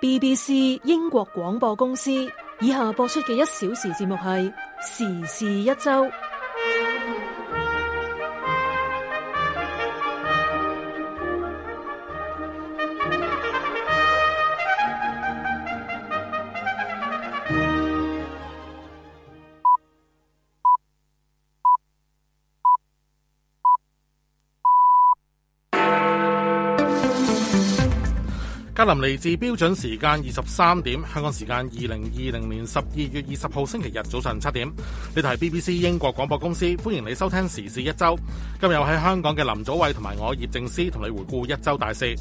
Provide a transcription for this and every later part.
BBC 英國廣播公司以下播出嘅一小時節目係時事一周。林嚟自標準時間二十三點，香港時間二零二零年十二月二十號星期日早上七點。呢度係 BBC 英國廣播公司，歡迎你收聽時事一周。今日又喺香港嘅林祖偉同埋我葉靖斯同你回顧一周大事。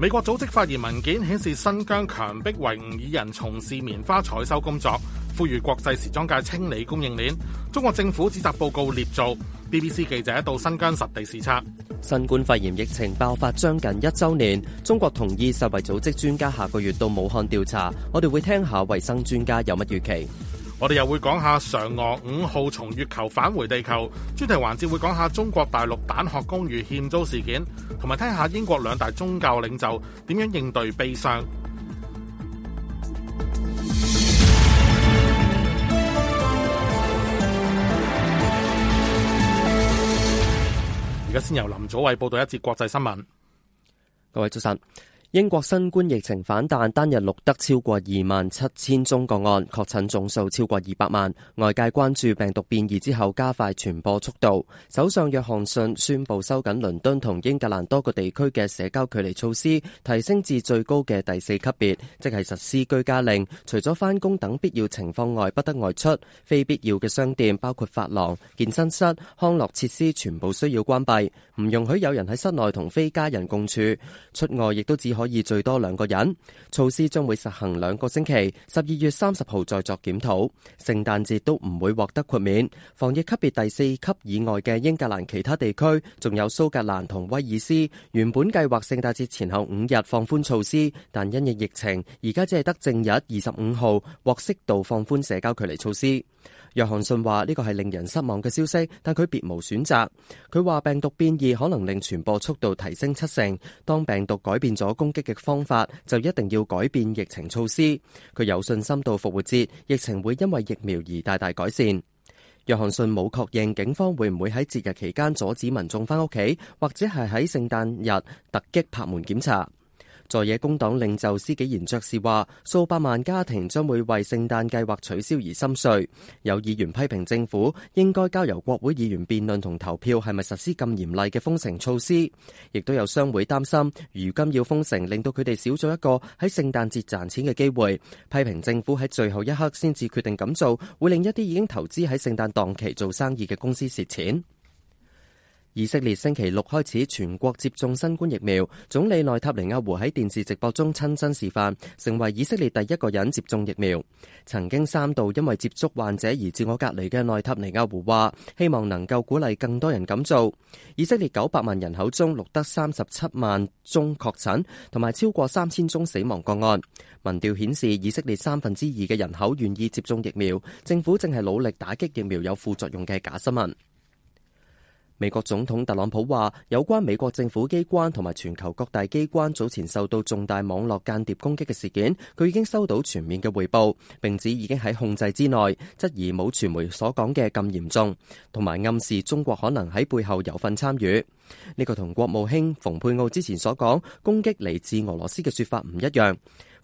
美國組織發言文件顯示，新疆強迫維吾吾爾人從事棉花採收工作，呼籲國際時裝界清理供應鏈。中國政府指責報告捏造。BBC 記者到新疆實地視察。新冠肺炎疫情爆發將近一周年，中國同意世衛組織專家下個月到武漢調查。我哋會聽下衛生專家有乜預期。我哋又會講下嫦娥五號從月球返回地球。專題環節會講下中國大陸蛋殼公寓欠租事件，同埋聽下英國兩大宗教領袖點樣應對悲傷。而家先由林祖偉報道一節國際新聞。各位早晨。英國新冠疫情反彈，單日錄得超過二萬七千宗個案，確診總數超過二百萬。外界關注病毒變異之後加快傳播速度。首相約翰遜宣佈收緊倫敦同英格蘭多個地區嘅社交距離措施，提升至最高嘅第四級別，即係實施居家令。除咗返工等必要情況外，不得外出。非必要嘅商店，包括髮廊、健身室、康樂設施，全部需要關閉。唔容許有人喺室內同非家人共處。出外亦都只可以最多兩個人，措施將會實行兩個星期，十二月三十號再作檢討。聖誕節都唔會獲得豁免。防疫級別第四級以外嘅英格蘭其他地區，仲有蘇格蘭同威爾斯，原本計劃聖誕節前後五日放寬措施，但因應疫情，而家只係得正日二十五號獲適度放寬社交距離措施。約翰遜話呢個係令人失望嘅消息，但佢別無選擇。佢話病毒變異可能令傳播速度提升七成。當病毒改變咗攻擊嘅方法，就一定要改變疫情措施。佢有信心到復活節，疫情會因為疫苗而大大改善。約翰遜冇確認警方會唔會喺節日期間阻止民眾返屋企，或者係喺聖誕日突擊拍門檢查。在野工黨領袖施紀賢爵士話，數百萬家庭將會為聖誕計劃取消而心碎。有議員批評政府應該交由國會議員辯論同投票，係咪實施咁嚴厲嘅封城措施。亦都有商會擔心，如今要封城令到佢哋少咗一個喺聖誕節賺錢嘅機會，批評政府喺最後一刻先至決定咁做，會令一啲已經投資喺聖誕檔期做生意嘅公司蝕錢。以色列星期六開始全國接種新冠疫苗，總理內塔尼亞胡喺電視直播中親身示範，成為以色列第一個人接種疫苗。曾經三度因為接觸患者而自我隔離嘅內塔尼亞胡話，希望能夠鼓勵更多人咁做。以色列九百萬人口中錄得三十七萬宗確診，同埋超過三千宗死亡個案。民調顯示，以色列三分之二嘅人口願意接種疫苗，政府正係努力打擊疫苗有副作用嘅假新聞。美國總統特朗普話：有關美國政府機關同埋全球各大機關早前受到重大網絡間諜攻擊嘅事件，佢已經收到全面嘅匯報，並指已經喺控制之內，質疑冇傳媒所講嘅咁嚴重，同埋暗示中國可能喺背後有份參與。呢個同國務卿蓬佩奧之前所講攻擊嚟自俄羅斯嘅說法唔一樣。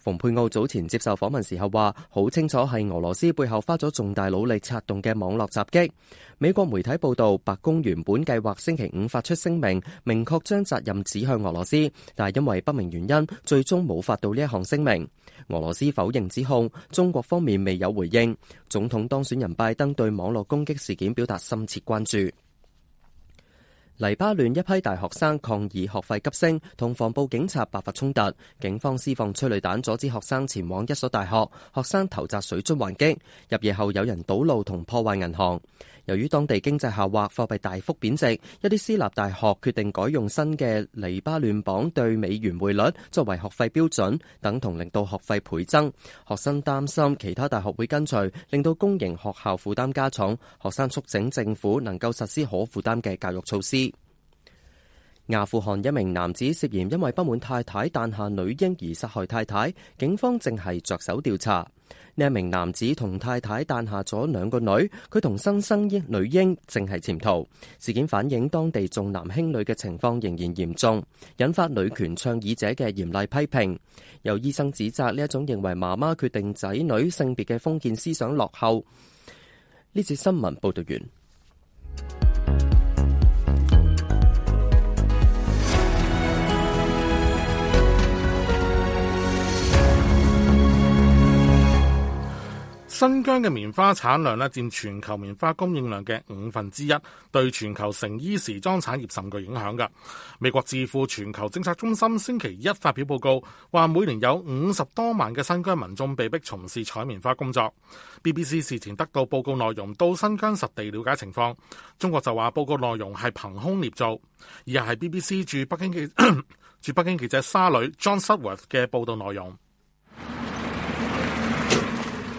蓬佩奧早前接受訪問時候話，好清楚係俄羅斯背後花咗重大努力策動嘅網絡襲擊。美國媒體報道，白宮原本計劃星期五發出聲明，明確將責任指向俄羅斯，但係因為不明原因，最終冇發到呢一項聲明。俄羅斯否認指控，中國方面未有回應。總統當選人拜登對網絡攻擊事件表達深切關注。黎巴嫩一批大學生抗議學費急升，同防暴警察爆發衝突，警方施放催淚彈阻止學生前往一所大學，學生投擲水樽還擊。入夜後有人堵路同破壞銀行。由於當地經濟下滑，貨幣大幅貶值，一啲私立大學決定改用新嘅黎巴嫩鎊兌美元匯率作為學費標準，等同令到學費倍增。學生擔心其他大學會跟隨，令到公營學校負擔加重。學生促請政府能夠實施可負擔嘅教育措施。阿富汗一名男子涉嫌因為不滿太太誕下女嬰而殺害太太，警方正係着手調查。呢一名男子同太太誕下咗兩個女，佢同新生嬰女嬰正係潛逃。事件反映當地重男輕女嘅情況仍然嚴重，引發女權倡議者嘅嚴厲批評。由醫生指責呢一種認為媽媽決定仔女性別嘅封建思想落後。呢節新聞報道完。新疆嘅棉花產量咧佔全球棉花供應量嘅五分之一，對全球成衣時裝產業甚具影響嘅。美國智庫全球政策中心星期一發表報告，話每年有五十多萬嘅新疆民眾被逼從事採棉花工作。BBC 事前得到報告內容，到新疆實地了解情況。中國就話報告內容係憑空捏造，而係 BBC 駐北京嘅 駐北京記者沙裏 John Sudworth 嘅報導內容。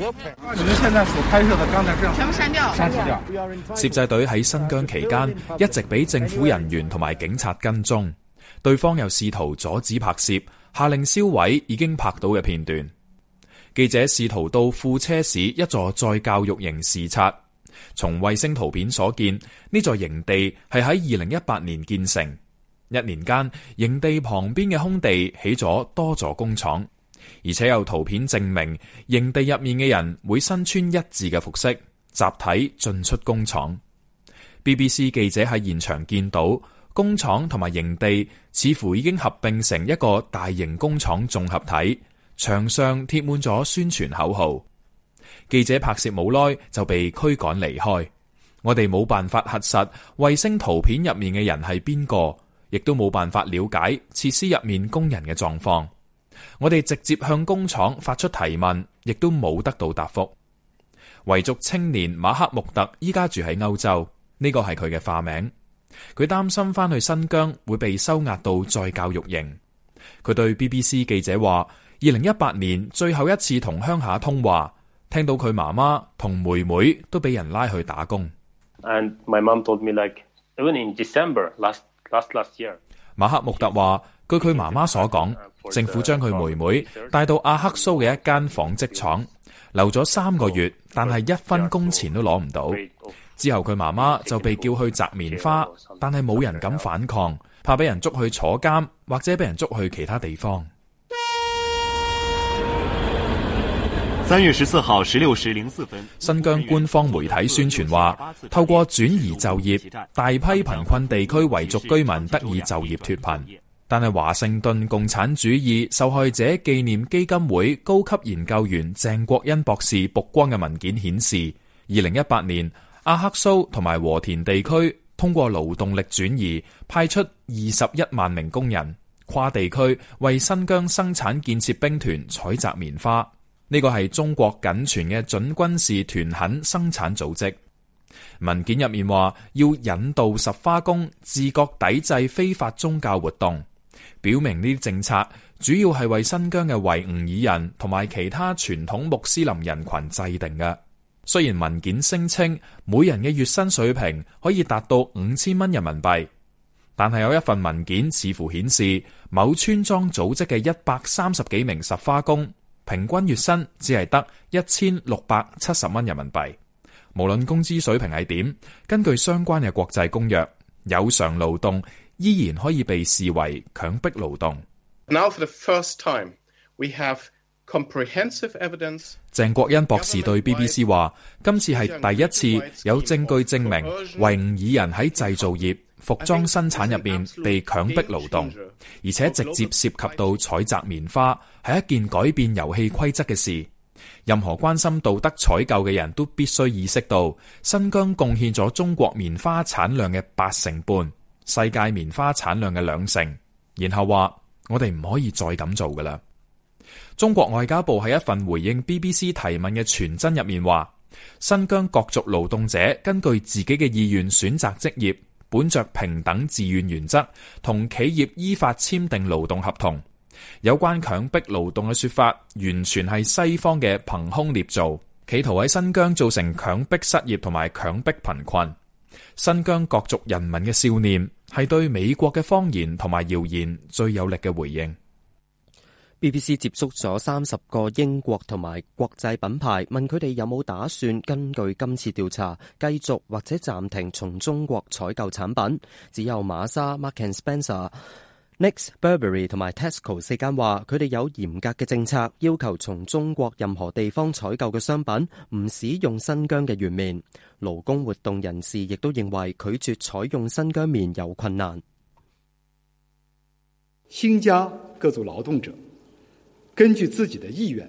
我們現在所拍攝的戰鬥片全部刪掉，刪除掉。攝製隊喺新疆期間一直俾政府人員同埋警察跟蹤，對方又試圖阻止拍攝，下令銷毀已經拍到嘅片段。記者試圖到庫車市一座再教育營視察，從衛星圖片所見，呢座營地係喺二零一八年建成，一年間營地旁邊嘅空地起咗多座工廠。而且有圖片證明，營地入面嘅人會身穿一致嘅服飾，集體進出工廠。BBC 記者喺現場見到工廠同埋營地似乎已經合併成一個大型工廠綜合體，牆上貼滿咗宣傳口號。記者拍攝冇耐就被驅趕離開，我哋冇辦法核實衛星圖片入面嘅人係邊個，亦都冇辦法了解設施入面工人嘅狀況。我哋直接向工廠發出提問，亦都冇得到答覆。維族青年馬克穆特依家住喺歐洲，呢個係佢嘅化名。佢擔心翻去新疆會被收押到再教育營。佢對 BBC 記者話，二零一八年最後一次同鄉下通話，聽到佢媽媽同妹妹都俾人拉去打工。And my mom told me like even in December last last last year。馬克穆特話。據佢媽媽所講，政府將佢妹妹帶到阿克蘇嘅一間紡織廠留咗三個月，但係一分工錢都攞唔到。之後佢媽媽就被叫去摘棉花，但係冇人敢反抗，怕俾人捉去坐監或者俾人捉去其他地方。三月十四號十六時零四分，新疆官方媒體宣傳話，透過轉移就業，大批貧困地區維族居民得以就業脱貧。但係華盛頓共產主義受害者紀念基金會高級研究員鄭國恩博士曝光嘅文件顯示，二零一八年阿克蘇同埋和田地區通過勞動力轉移派出二十一萬名工人跨地區為新疆生產建設兵團採摘棉花。呢個係中國僅存嘅準軍事團墾生產組織。文件入面話要引導拾花工自覺抵制非法宗教活動。表明呢啲政策主要係為新疆嘅維吾爾人同埋其他傳統穆斯林人群制定嘅。雖然文件聲稱每人嘅月薪水平可以達到五千蚊人民幣，但係有一份文件似乎顯示某村莊組織嘅一百三十幾名拾花工平均月薪只係得一千六百七十蚊人民幣。無論工資水平係點，根據相關嘅國際公約，有償勞動。依然可以被視為強迫勞動。鄭國恩博士對 BBC 話：今次係第一次有證據證明維吾爾人喺製造業、服裝生產入面被強迫勞動，而且直接涉及到採摘棉花，係一件改變遊戲規則嘅事。任何關心道德採購嘅人都必須意識到，新疆貢獻咗中國棉花產量嘅八成半。世界棉花產量嘅兩成，然後話，我哋唔可以再咁做噶啦。中國外交部喺一份回應 BBC 提問嘅傳真入面話：新疆各族勞動者根據自己嘅意願選擇職業，本着平等、自願原則，同企業依法簽訂勞動合同。有關強迫勞動嘅説法，完全係西方嘅憑空捏造，企圖喺新疆造成強迫失業同埋強迫貧困。新疆各族人民嘅少念。係對美國嘅謊言同埋謠言最有力嘅回應。BBC 接觸咗三十個英國同埋國際品牌，問佢哋有冇打算根據今次調查繼續或者暫停從中國採購產品。只有馬莎 Marks and Spencer Next、Burberry 同埋 Tesco 四間話，佢哋有嚴格嘅政策，要求從中國任何地方採購嘅商品唔使用新疆嘅原棉。勞工活動人士亦都認為拒絕採用新疆棉有困難。新疆各族勞動者根據自己嘅意願，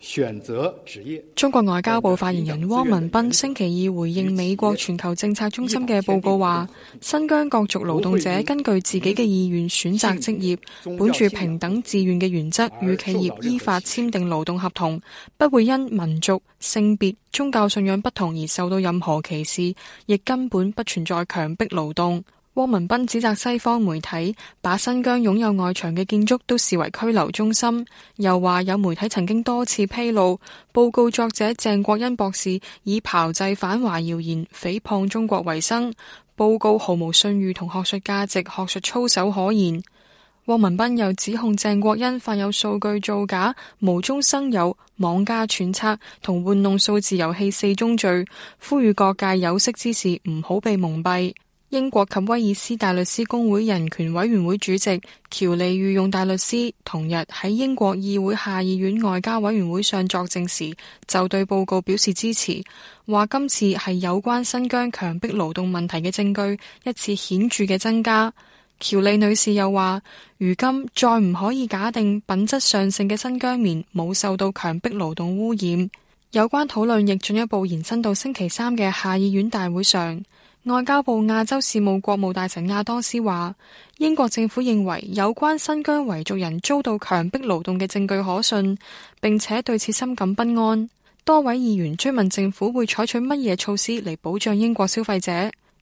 選擇職業。中國外交部發言人汪文斌星期二回應美國全球政策中心嘅報告話：新疆各族勞動者根據自己嘅意願選擇職業，本住平等自願嘅原則與企業依法簽訂勞動合同，不會因民族、性別、宗教信仰不同而受到任何歧視，亦根本不存在強迫勞動。汪文斌指責西方媒體把新疆擁有外牆嘅建築都視為拘留中心，又話有媒體曾經多次披露報告作者鄭國恩博士以炮製反華謠言、誹謗中國為生，報告毫無信譽同學術價值、學術操守可言。汪文斌又指控鄭國恩犯有數據造假、無中生有、妄加揣測同玩弄數字遊戲四宗罪，呼籲各界有識之士唔好被蒙蔽。英國及威爾斯大律師公會人權委員會主席喬利御用大律師，同日喺英國議會下議院外交委員會上作證時，就對報告表示支持，話今次係有關新疆強迫勞動問題嘅證據一次顯著嘅增加。喬利女士又話，如今再唔可以假定品質上乘嘅新疆棉冇受到強迫勞動污染。有關討論亦進一步延伸到星期三嘅下議院大會上。外交部亞洲事務國務大臣亞當斯話，英國政府認為有關新疆維族人遭到強迫勞動嘅證據可信，並且對此深感不安。多位議員追問政府會採取乜嘢措施嚟保障英國消費者。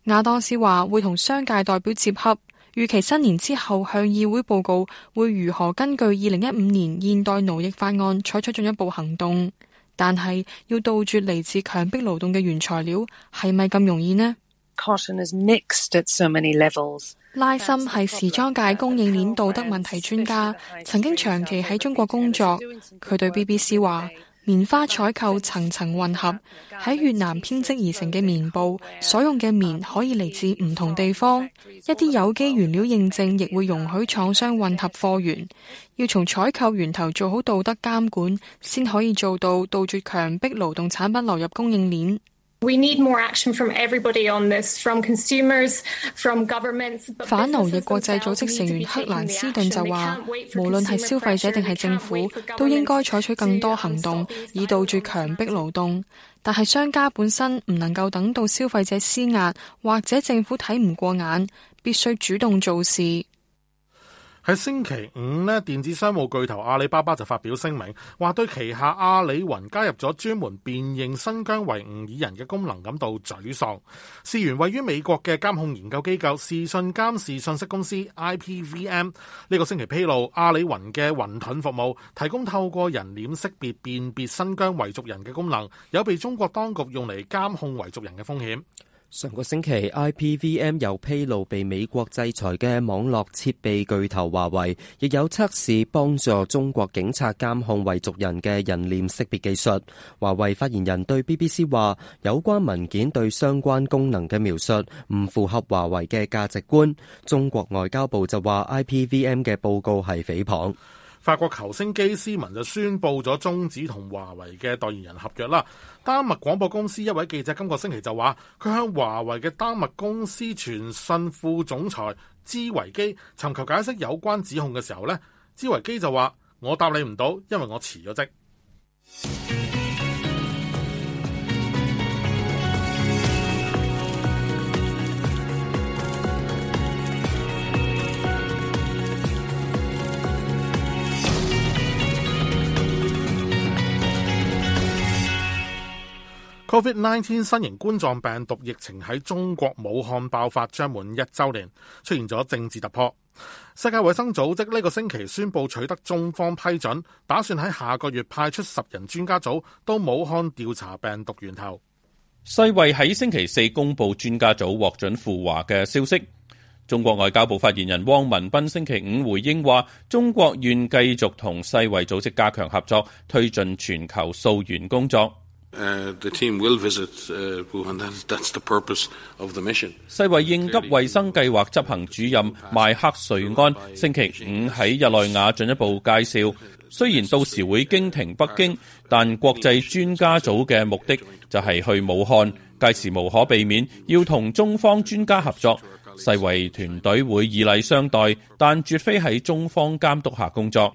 亞當斯話會同商界代表接洽，預期新年之後向議會報告會如何根據二零一五年現代奴役法案採取進一步行動。但係要杜絕嚟自強迫勞動嘅原材料，係咪咁容易呢？拉森係時裝界供應鏈道德問題專家，曾經長期喺中國工作。佢對 BBC 話：棉花採購層層混合，喺越南編織而成嘅棉布，所用嘅棉可以嚟自唔同地方。一啲有機原料認證亦會容許廠商混合貨源。要從採購源頭做好道德監管，先可以做到杜絕強迫勞動產品流入供應鏈。We need more action from everybody on this, from consumers, from governments. 反奴役國際組織成員克蘭斯頓就話，無論係消費者定係政府，都應該採取更多行動，以杜絕強迫勞動。但係商家本身唔能夠等到消費者施壓，或者政府睇唔過眼，必須主動做事。喺星期五呢，電子商務巨頭阿里巴巴就發表聲明，話對旗下阿里雲加入咗專門辨認新疆維吾爾人嘅功能感到沮喪。事源位於美國嘅監控研究機構視訊監視信息公司 IPVM 呢個星期披露，阿里雲嘅雲盾服務提供透過人臉識別辨別新疆維族人嘅功能，有被中國當局用嚟監控維族人嘅風險。上個星期，IPVM 又披露被美國制裁嘅網絡設備巨頭華為，亦有測試幫助中國警察監控遺族人嘅人臉識別技術。華為發言人對 BBC 話，有關文件對相關功能嘅描述唔符合華為嘅價值觀。中國外交部就話 IPVM 嘅報告係誹謗。法國球星基斯文就宣布咗終止同華為嘅代言人合約啦。丹麥廣播公司一位記者今個星期就話，佢向華為嘅丹麥公司傳訊副總裁茲維基尋求解釋有關指控嘅時候咧，茲維基就話，我答你唔到，因為我辭咗職。Covid nineteen 新型冠狀病毒疫情喺中國武漢爆發，將滿一週年，出現咗政治突破。世界衛生組織呢個星期宣布取得中方批准，打算喺下個月派出十人專家組到武漢調查病毒源頭。世衛喺星期四公布專家組獲准赴華嘅消息。中國外交部發言人汪文斌星期五回應話：中國願繼續同世衛組織加強合作，推進全球溯源工作。世衛應急衛生計劃執行主任邁克瑞安星期五喺日內瓦進一步介紹，雖然到時會經停北京，但國際專家組嘅目的就係去武漢，屆時無可避免要同中方專家合作。世衛團隊會以禮相待，但絕非喺中方監督下工作。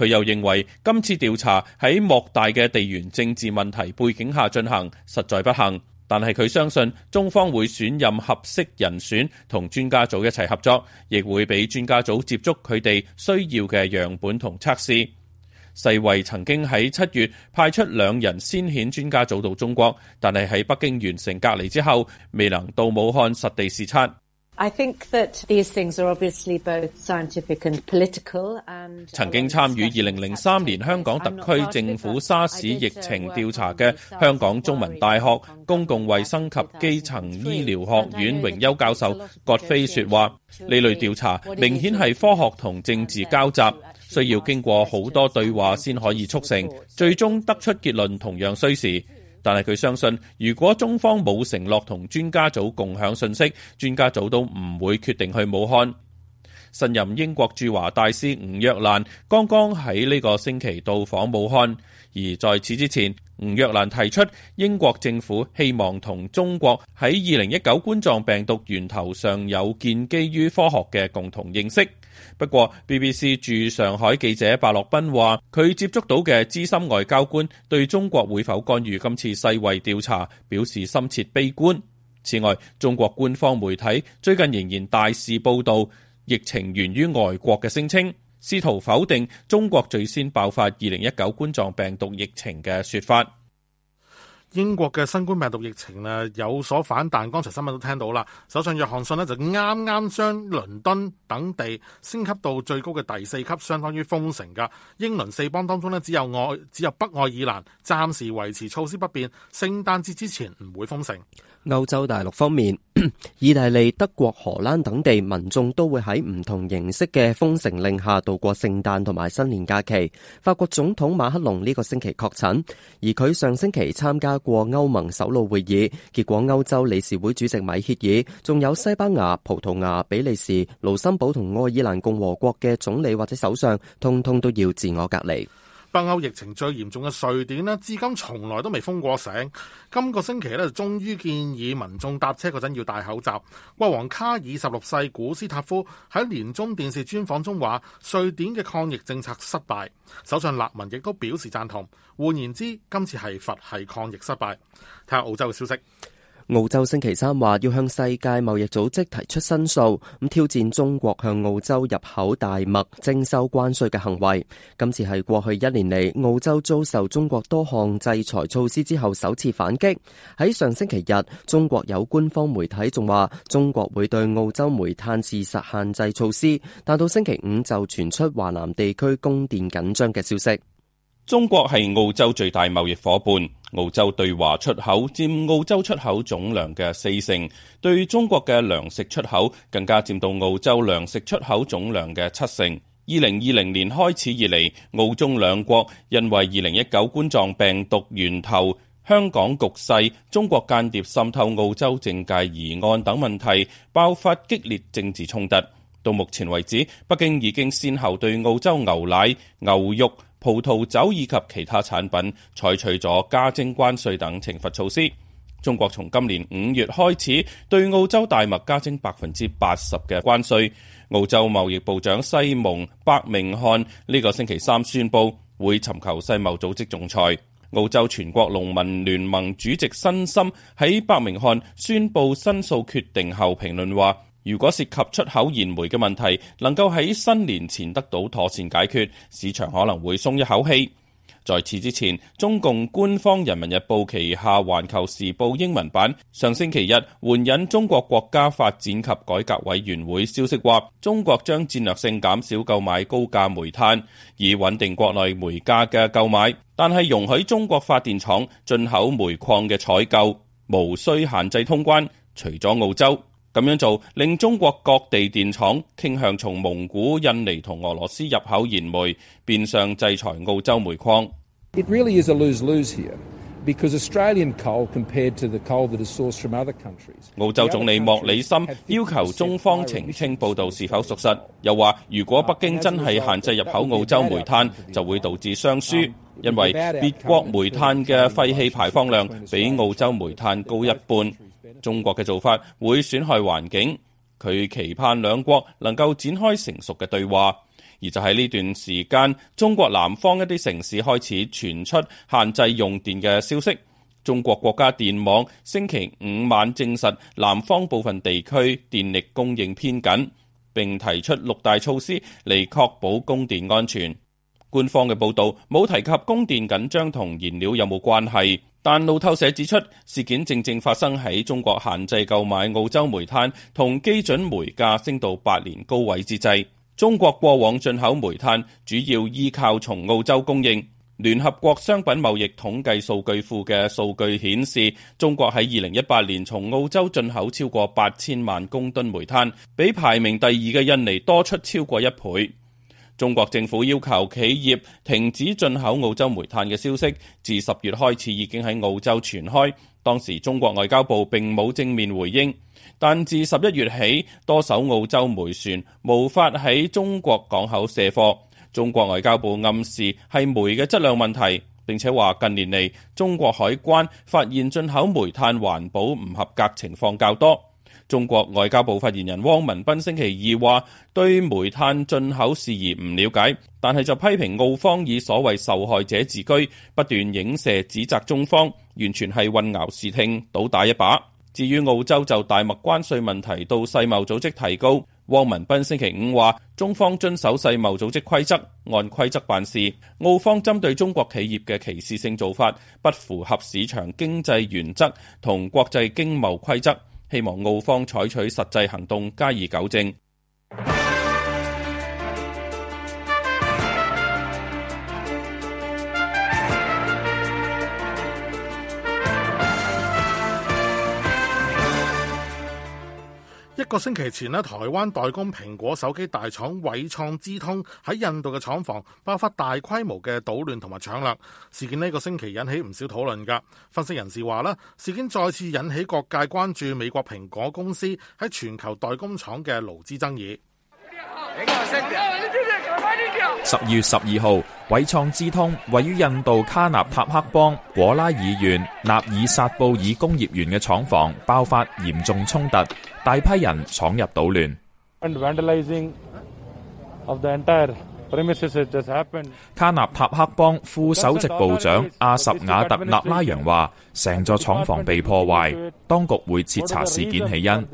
佢又認為今次調查喺莫大嘅地緣政治問題背景下進行，實在不幸，但係佢相信中方會選任合適人選同專家組一齊合作，亦會俾專家組接觸佢哋需要嘅樣本同測試。世衛曾經喺七月派出兩人先遣專家組到中國，但係喺北京完成隔離之後，未能到武漢實地視察。曾經參與二零零三年香港特區政府沙士疫情調查嘅香港中文大學公共衛生及基層醫療學院榮休教授葛菲雪説話：呢類調查明顯係科學同政治交集，需要經過好多對話先可以促成，最終得出結論同樣需時。但係佢相信，如果中方冇承諾同專家組共享信息，專家組都唔會決定去武漢。新任英國駐華大使吳若蘭剛剛喺呢個星期到訪武漢，而在此之前，吳若蘭提出英國政府希望同中國喺二零一九冠狀病毒源頭上有建基於科學嘅共同認識。不過，BBC 駐上海記者白洛賓話，佢接觸到嘅資深外交官對中國會否干預今次世衛調查表示深切悲觀。此外，中國官方媒體最近仍然大肆報道疫情源於外國嘅聲稱，試圖否定中國最先爆發二零一九冠狀病毒疫情嘅說法。英國嘅新冠病毒疫情咧有所反彈，剛才新聞都聽到啦。首相約翰遜咧就啱啱將倫敦等地升級到最高嘅第四級，相當於封城嘅。英倫四邦當中咧，只有愛只有北愛爾蘭暫時維持措施不變，聖誕節之前唔會封城。歐洲大陸方面， 意大利、德國、荷蘭等地民眾都會喺唔同形式嘅封城令下度過聖誕同埋新年假期。法國總統馬克龍呢個星期確診，而佢上星期參加過歐盟首腦會議，結果歐洲理事會主席米歇爾，仲有西班牙、葡萄牙、比利時、盧森堡同愛爾蘭共和國嘅總理或者首相，通通都要自我隔離。北歐疫情最嚴重嘅瑞典咧，至今從來都未封過城。今個星期咧，就終於建議民眾搭車嗰陣要戴口罩。國王卡爾十六世古斯塔夫喺年終電視專訪中話：瑞典嘅抗疫政策失敗。首相勒文亦都表示贊同。換言之，今次係佛系抗疫失敗。睇下澳洲嘅消息。澳洲星期三話要向世界貿易組織提出申訴，咁挑戰中國向澳洲入口大麥徵收關稅嘅行為。今次係過去一年嚟，澳洲遭受中國多項制裁措施之後首次反擊。喺上星期日，中國有官方媒體仲話中國會對澳洲煤炭實施限制措施，但到星期五就傳出華南地區供電緊張嘅消息。中國係澳洲最大貿易夥伴。澳洲對華出口佔澳洲出口總量嘅四成，對中國嘅糧食出口更加佔到澳洲糧食出口總量嘅七成2020年開始以來澳中兩國因為2019冠狀病毒源頭香港局勢、葡萄酒以及其他產品採取咗加徵關稅等懲罰措施。中國從今年五月開始對澳洲大麥加徵百分之八十嘅關稅。澳洲貿易部長西蒙伯明翰呢個星期三宣布會尋求世貿組織仲裁。澳洲全國農民聯盟主席辛森喺伯明翰宣布申訴決，決，決定後評論話。如果涉及出口燃煤嘅問題，能夠喺新年前得到妥善解決，市場可能會鬆一口氣。在此之前，中共官方《人民日報》旗下《環球時報》英文版上星期日援引中國國家發展及改革委員會消息，話中國將戰略性減少購買高價煤炭，以穩定國內煤價嘅購買，但係容許中國發電廠進口煤礦嘅採購，無需限制通關，除咗澳洲。咁樣做，令中國各地電廠傾向從蒙古、印尼同俄羅斯入口燃煤，變相制裁澳洲煤礦。澳洲總理莫里森要求中方澄清報導是否屬實，又話如果北京真係限制入口澳洲煤炭，就會導致雙輸，因為別國煤炭嘅廢氣排放量比澳洲煤炭高一半。中國嘅做法會損害環境，佢期盼兩國能夠展開成熟嘅對話。而就喺呢段時間，中國南方一啲城市開始傳出限制用電嘅消息。中國國家電網星期五晚證實，南方部分地區電力供應偏緊，並提出六大措施嚟確保供電安全。官方嘅報道冇提及供電緊張同燃料有冇關係。但路透社指出，事件正正發生喺中國限制購買澳洲煤炭同基準煤價升到八年高位之際，中國過往進口煤炭主要依靠從澳洲供應。聯合國商品貿易統計數據庫嘅數據顯示，中國喺二零一八年從澳洲進口超過八千萬公噸煤炭，比排名第二嘅印尼多出超過一倍。中國政府要求企業停止進口澳洲煤炭嘅消息，自十月開始已經喺澳洲傳開。當時中國外交部並冇正面回應，但自十一月起，多艘澳洲煤船無法喺中國港口卸貨。中國外交部暗示係煤嘅質量問題，並且話近年嚟，中國海關發現進口煤炭環保唔合格情況較多。中國外交部發言人汪文斌星期二話：對煤炭進口事宜唔了解，但係就批評澳方以所謂受害者自居，不斷影射指責中方，完全係混淆視聽、倒打一耙。至於澳洲就大麥關稅問題到世貿組織提告，汪文斌星期五話：中方遵守世貿組織規則，按規則辦事。澳方針對中國企業嘅歧視性做法，不符合市場經濟原則同國際經貿規則。希望澳方採取實際行動，加以糾正。一個星期前咧，台灣代工蘋果手機大廠偉創資通喺印度嘅廠房爆發大規模嘅搗亂同埋搶掠事件，呢個星期引起唔少討論噶。分析人士話啦，事件再次引起各界關注美國蘋果公司喺全球代工廠嘅勞資爭議。 十二月十二號，偉創資通位於印度卡納塔克邦果拉爾縣納爾薩布爾工業園嘅廠房爆發嚴重衝突，大批人闖入搗亂。And 卡納塔克邦副首席部長阿什瓦特納拉揚話，成座廠房被破壞，當局會徹查事件起因。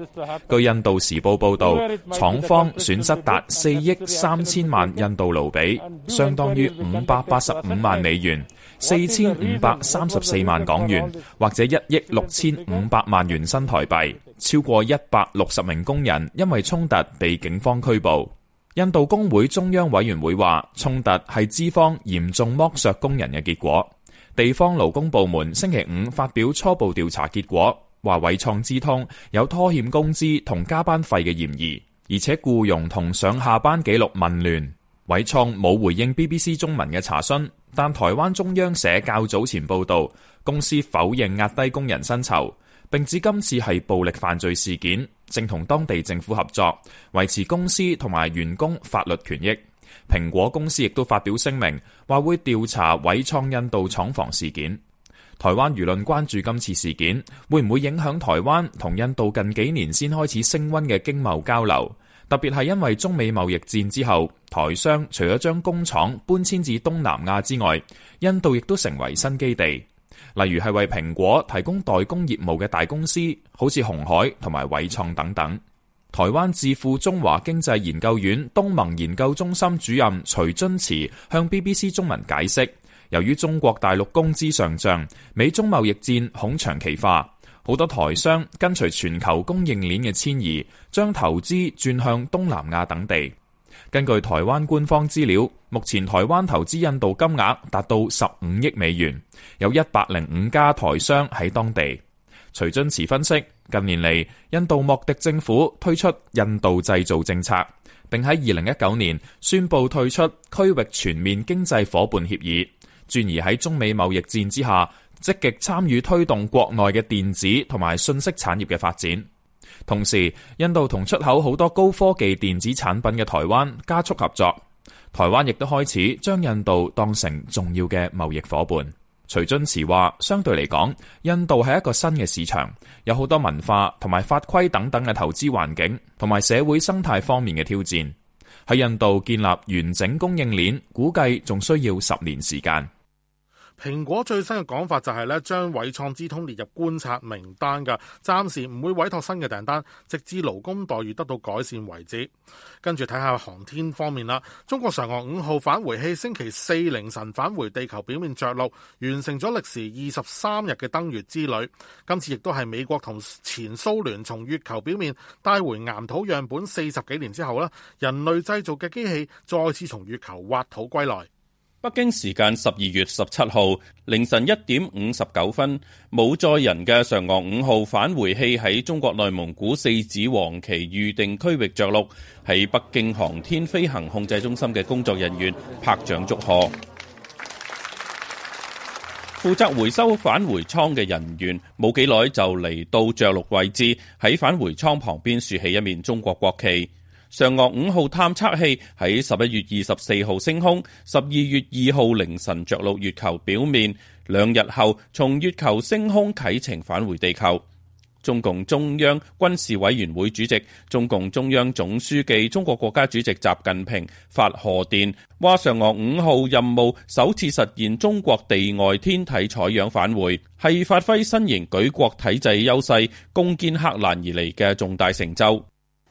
據印度時報報道，廠方損失達四億三千萬印度盧比，相當於五百八十五萬美元、四千五百三十四萬港元，或者一億六千五百萬元新台幣。超過一百六十名工人因為衝突被警方拘捕。印度工會中央委員會話，衝突係資方嚴重剝削工人嘅結果。地方勞工部門星期五發表初步調查結果，話偉創資通有拖欠工資同加班費嘅嫌疑，而且僱傭同上下班記錄混亂。偉創冇回應 BBC 中文嘅查詢，但台灣中央社較早前報道，公司否認壓低工人薪酬，並指今次係暴力犯罪事件。正同當地政府合作維持公司同埋員工法律權益。蘋果公司亦都發表聲明，話會調查緯創印度廠房事件。台灣輿論關注今次事件會唔會影響台灣同印度近幾年先開始升溫嘅經貿交流，特別係因為中美貿易戰之後，台商除咗將工廠搬遷至東南亞之外，印度亦都成為新基地。例如係為蘋果提供代工業務嘅大公司，好似鴻海同埋緯創等等。台灣智庫中華經濟研究院東盟研究中心主任徐遵慈向 BBC 中文解釋，由於中國大陸工資上漲，美中貿易戰恐長期化，好多台商跟隨全球供應鏈嘅遷移，將投資轉向東南亞等地。根據台灣官方資料，目前台灣投資印度金額達到十五億美元，有一百零五家台商喺當地。徐津慈分析，近年嚟印度莫迪政府推出印度製造政策，並喺二零一九年宣布退出區域全面經濟伙伴協議，轉而喺中美貿易戰之下，積極參與推動國內嘅電子同埋信息產業嘅發展。同時，印度同出口好多高科技電子產品嘅台灣加速合作。台灣亦都開始將印度當成重要嘅貿易伙伴。徐俊慈話，相對嚟講，印度係一個新嘅市場，有好多文化同埋法規等等嘅投資環境同埋社會生態方面嘅挑戰。喺印度建立完整供應鏈，估計仲需要十年時間。蘋果最新嘅講法就係咧，將緯創資通列入觀察名單噶，暫時唔會委託新嘅訂單，直至勞工待遇得到改善為止。跟住睇下航天方面啦，中國嫦娥五號返回器星期四凌晨返回地球表面着陸，完成咗歷時二十三日嘅登月之旅。今次亦都係美國同前蘇聯從月球表面帶回岩土樣本四十幾年之後啦，人類製造嘅機器再次從月球挖土歸來。北京時間十二月十七號凌晨一點五十九分，冇載人嘅嫦娥五號返回器喺中國內蒙古四子王旗預定區域着陸，喺北京航天飛行控制中心嘅工作人員拍掌祝賀。負責回收返回艙嘅人員冇幾耐就嚟到着陸位置，喺返回艙旁邊豎起一面中國國旗。嫦娥五號探測器喺十一月二十四號升空，十二月二號凌晨着陸月球表面，兩日後從月球升空啟程返回地球。中共中央軍事委員會主席、中共中央總書記、中國國家主席習近平發賀電，話嫦娥五號任務首次實現中國地外天體採樣返回，係發揮新型舉國體制優勢、攻堅克難而嚟嘅重大成就。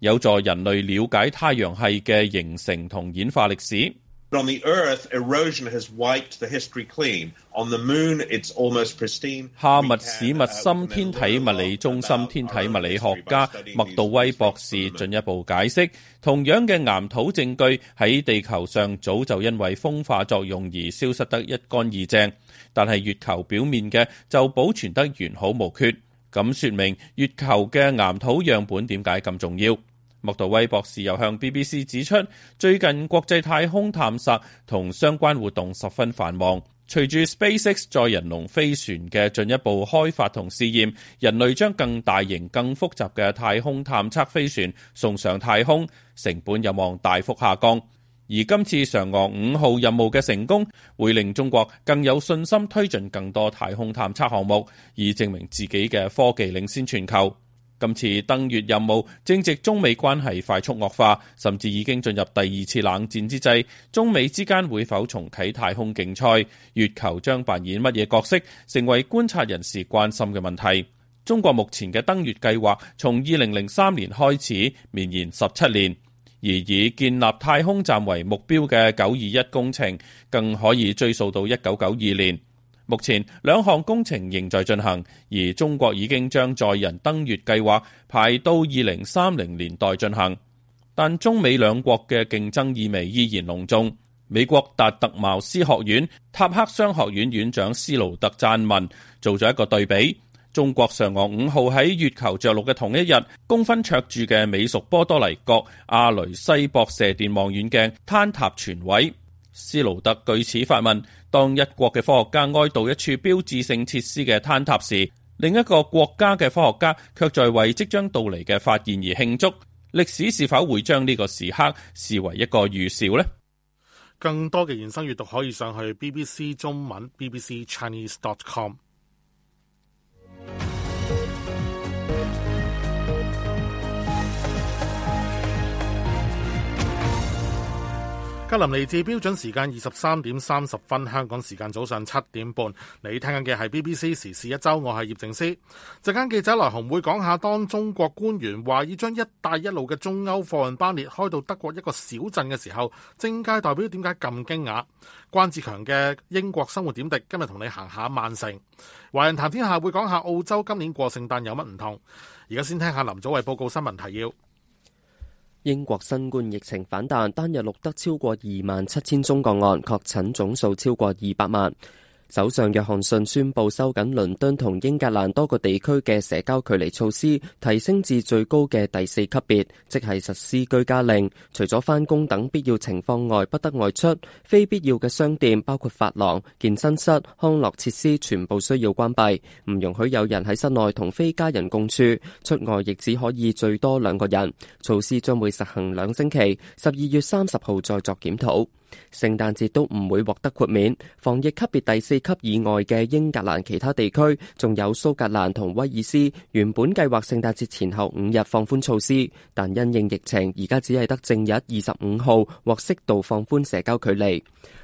有助人類了解太陽系嘅形成同演化歷史。哈密史密森天體物理中心天體物理學家麥道威博士進一步解釋：同樣嘅岩土證據喺地球上早就因為風化作用而消失得一乾二淨，但係月球表面嘅就保存得完好無缺。咁說明月球嘅岩土樣本點解咁重要？莫道威博士又向 BBC 指出，最近國際太空探索同相關活動十分繁忙。隨住 SpaceX 載人龍飛船嘅進一步開發同試驗，人類將更大型、更複雜嘅太空探測飛船送上太空，成本有望大幅下降。而今次嫦娥五號任務嘅成功，會令中國更有信心推進更多太空探測項目，以證明自己嘅科技領先全球。今次登月任務正值中美關係快速惡化，甚至已經進入第二次冷戰之際，中美之間會否重啟太空競賽？月球將扮演乜嘢角色，成為觀察人士關心嘅問題，中國目前嘅登月計劃從二零零三年開始，綿延十七年，而以建立太空站為目標嘅九二一工程，更可以追溯到一九九二年。目前兩項工程仍在進行，而中國已經將載人登月計劃排到二零三零年代進行。但中美兩國嘅競爭意味依然濃重。美國達特茅斯學院塔克商學院院長斯勞特撰文做咗一個對比：中國嫦娥五號喺月球着陸嘅同一日，公分卓住嘅美屬波多黎各阿雷西博射電望遠鏡坍塌全毀。」斯勞特據此發問：當一國嘅科學家哀悼一處標誌性設施嘅坍塌時，另一個國家嘅科學家卻在為即將到嚟嘅發現而慶祝。歷史是否會將呢個時刻視為一個預兆呢？更多嘅延伸閱讀可以上去 BBC 中文 BBCChinese.com。BBC Chinese. Com 格林尼治標準時間二十三點三十分，香港時間早上七點半。你聽緊嘅係 BBC 時事一周，我係葉靜思。陣間記者來鴻會講下，當中國官員話要將一帶一路嘅中歐貨運班列開到德國一個小鎮嘅時候，政界代表點解咁驚訝？關智強嘅英國生活點滴今日同你行下曼城。華人談天下會講下澳洲今年過聖誕有乜唔同。而家先聽下林祖偉報告新聞提要。英國新冠疫情反彈，單日錄得超過二萬七千宗個案，確診總數超過二百萬。首相約翰遜宣布收緊倫敦同英格蘭多個地區嘅社交距離措施，提升至最高嘅第四級別，即係實施居家令。除咗返工等必要情況外，不得外出。非必要嘅商店，包括髮廊、健身室、康樂設施，全部需要關閉。唔容許有人喺室內同非家人共處。出外亦只可以最多兩個人。措施將會實行兩星期，十二月三十號再作檢討。聖誕節都唔會獲得豁免。防疫級別第四級以外嘅英格蘭其他地區，仲有蘇格蘭同威爾斯，原本計劃聖誕節前後五日放寬措施，但因應疫情，而家只係得正日二十五號獲適度放寬社交距離。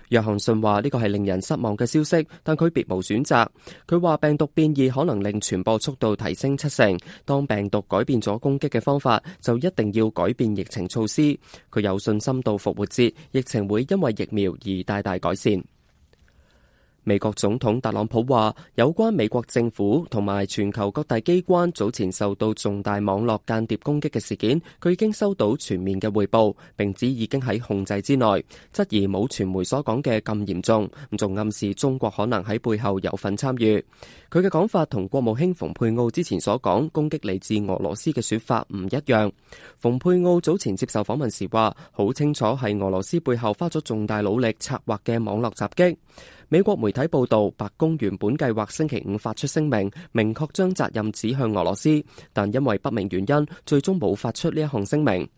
約翰遜話呢個係令人失望嘅消息，但佢別無選擇。佢話病毒變異可能令傳播速度提升七成。當病毒改變咗攻擊嘅方法，就一定要改變疫情措施。佢有信心到復活節，疫情會因為疫苗而大大改善。美國總統特朗普話：有關美國政府同埋全球各大機關早前受到重大網絡間諜攻擊嘅事件，佢已經收到全面嘅匯報，並指已經喺控制之內，質疑冇傳媒所講嘅咁嚴重。咁仲暗示中國可能喺背後有份參與。佢嘅講法同國務卿蓬佩奧之前所講攻擊嚟自俄羅斯嘅說法唔一樣。蓬佩奧早前接受訪問時話，好清楚係俄羅斯背後花咗重大努力策劃嘅網絡襲擊。美國媒體報導，白宮原本計劃星期五發出聲明，明，明確將責任指向俄羅斯，但因為不明原因，最終冇發出呢一項聲明。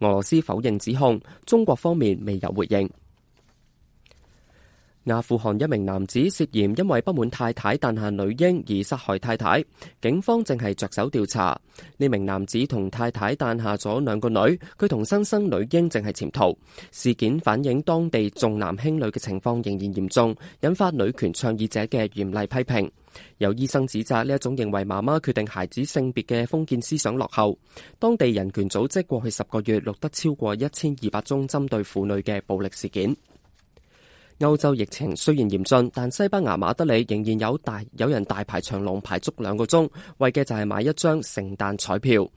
俄羅斯否認指控，中國方面未有回應。阿富汗一名男子涉嫌因為不滿太太誕下女嬰而殺害太太，警方正係着手調查。呢名男子同太太誕下咗兩個女，佢同新生女嬰正係潛逃。事件反映當地重男輕女嘅情況仍然嚴重，引發女權倡議者嘅嚴厲批評。有醫生指責呢一種認為媽媽決定孩子性別嘅封建思想落後。當地人權組織過去十個月錄得超過一千二百宗針對婦女嘅暴力事件。歐洲疫情雖然嚴峻，但西班牙馬德里仍然有大有人大排長龍排足兩個鐘，為嘅就係買一張聖誕彩票。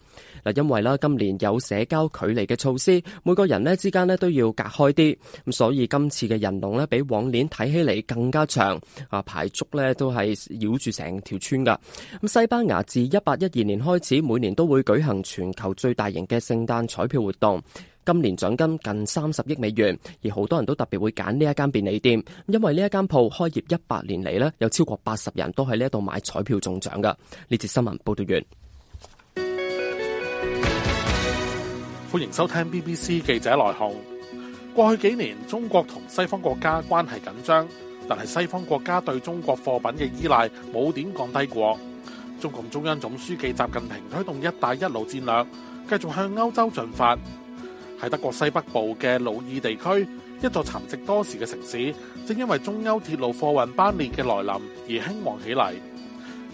嗱，因為咧今年有社交距離嘅措施，每個人咧之間咧都要隔開啲，咁所以今次嘅人龍咧比往年睇起嚟更加長，啊排足咧都係繞住成條村噶。咁西班牙自一八一二年開始，每年都會舉行全球最大型嘅聖誕彩票活動，今年獎金近三十億美元，而好多人都特別會揀呢一間便利店，因為呢一間鋪開業一百年嚟咧，有超過八十人都喺呢一度買彩票中獎噶。呢節新聞報道完。歡迎收聽 BBC 記者來鴻。過去幾年，中國同西方國家關係緊張，但係西方國家對中國貨品嘅依賴冇點降低過。中共中央總書記習近平推動“一帶一路”戰略，繼續向歐洲進發。喺德國西北部嘅魯爾地區，一座沉寂多時嘅城市，正因為中歐鐵路貨運班列嘅來臨而興旺起嚟。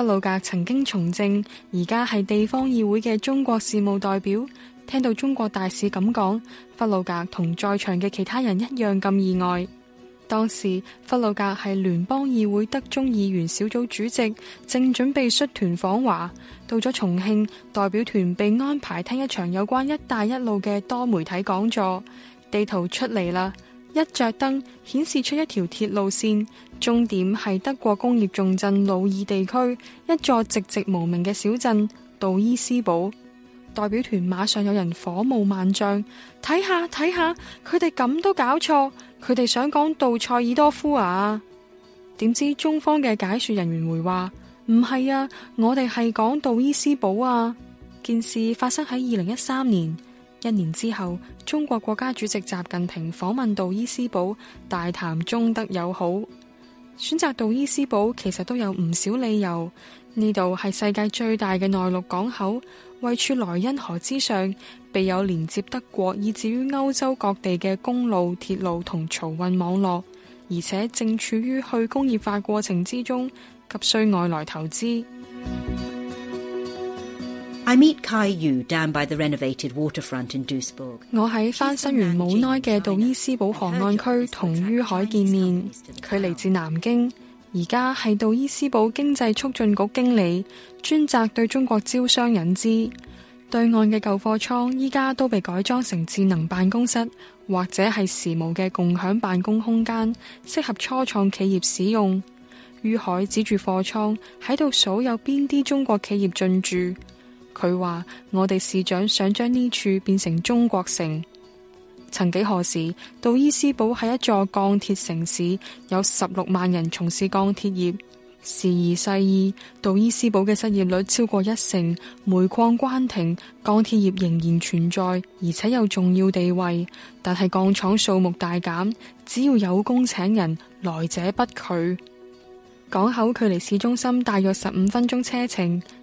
弗魯格曾經從政，而家係地方議會嘅中國事務代表。聽到中國大使咁講，弗魯格同在場嘅其他人一樣咁意外。當時弗魯格係聯邦議會德中議員小組主席，正準備率團訪華。到咗重慶，代表團被安排聽一場有關“一帶一路”嘅多媒體講座。地圖出嚟啦。一着燈顯示出一條鐵路線，終點係德國工業重鎮魯爾地區一座籍籍無名嘅小鎮杜伊斯堡。代表團馬上有人火冒萬丈，睇下睇下，佢哋咁都搞錯？佢哋想講杜塞爾多夫啊？點知中方嘅解說人員回話：唔係啊，我哋係講杜伊斯堡啊。件事發生喺二零一三年。一年之後，中國國家主席習近平訪問杜伊斯堡，大談中德友好。選擇杜伊斯堡其實都有唔少理由。呢度係世界最大嘅內陸港口，位處萊茵河之上，備有連接德國以至於歐洲各地嘅公路、鐵路同漕運網絡，而且正處於去工業化過程之中，急需外來投資。我喺翻新完冇耐嘅杜伊斯堡河岸區同于海見面。佢嚟 自南京，而家係杜伊斯堡經濟促進局經理，專責對中國招商引資。對岸嘅舊貨倉依家都被改裝成智能辦公室或者係時髦嘅共享辦公空間，適合初創企業使用。于海指住貨倉喺度數有邊啲中國企業進駐。佢話：我哋市長想將呢處變成中國城。曾幾何時，杜伊斯堡係一座鋼鐵城市，有十六萬人從事鋼鐵業。時移世易，杜伊斯堡嘅失業率超過一成，煤礦關停，鋼鐵業仍然存在，而且有重要地位。但係鋼廠數目大減，只要有工請人，來者不拒。港口距離市中心大約十五分鐘車程。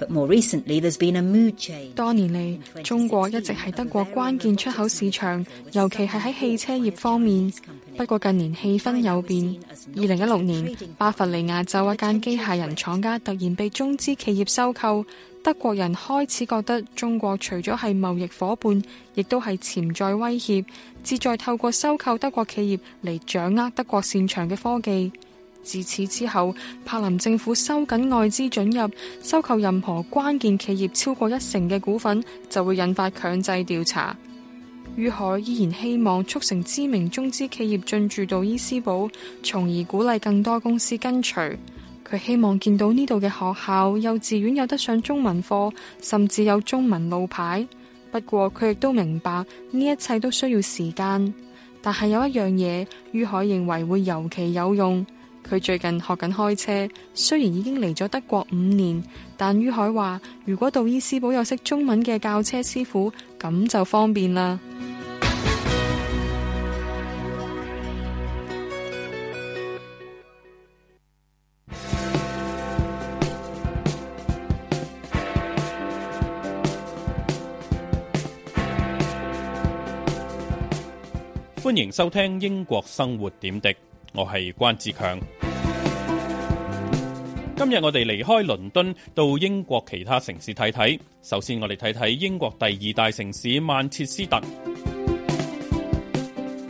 But more recently, there's been a mood change. 多年嚟，中國一直係德國關鍵出口市場，尤其係喺汽車業方面。不過近年氣氛有變。二零一六年，巴伐利亞州一間機械人廠家突然被中資企業收購，德國人開始覺得中國除咗係貿易伙伴，亦都係潛在威脅，志在透過收購德國企業嚟掌握德國擅長嘅科技。自此之後，柏林政府收緊外資准入，收購任何關鍵企業超過一成嘅股份就會引發強制調查。于海依然希望促成知名中資企業進駐到伊斯堡，從而鼓勵更多公司跟隨。佢希望見到呢度嘅學校、幼稚園有得上中文課，甚至有中文路牌。不過佢亦都明白呢一切都需要時間。但係有一樣嘢，于海認為會尤其有用。佢最近學緊開車，雖然已經嚟咗德國五年，但于海話：如果到杜伊斯堡有識中文嘅教車師傅，咁就方便啦。歡迎收聽《英國生活點滴》，我係關志強。今日我哋離開倫敦到英國其他城市睇睇。首先我哋睇睇英國第二大城市曼徹斯特。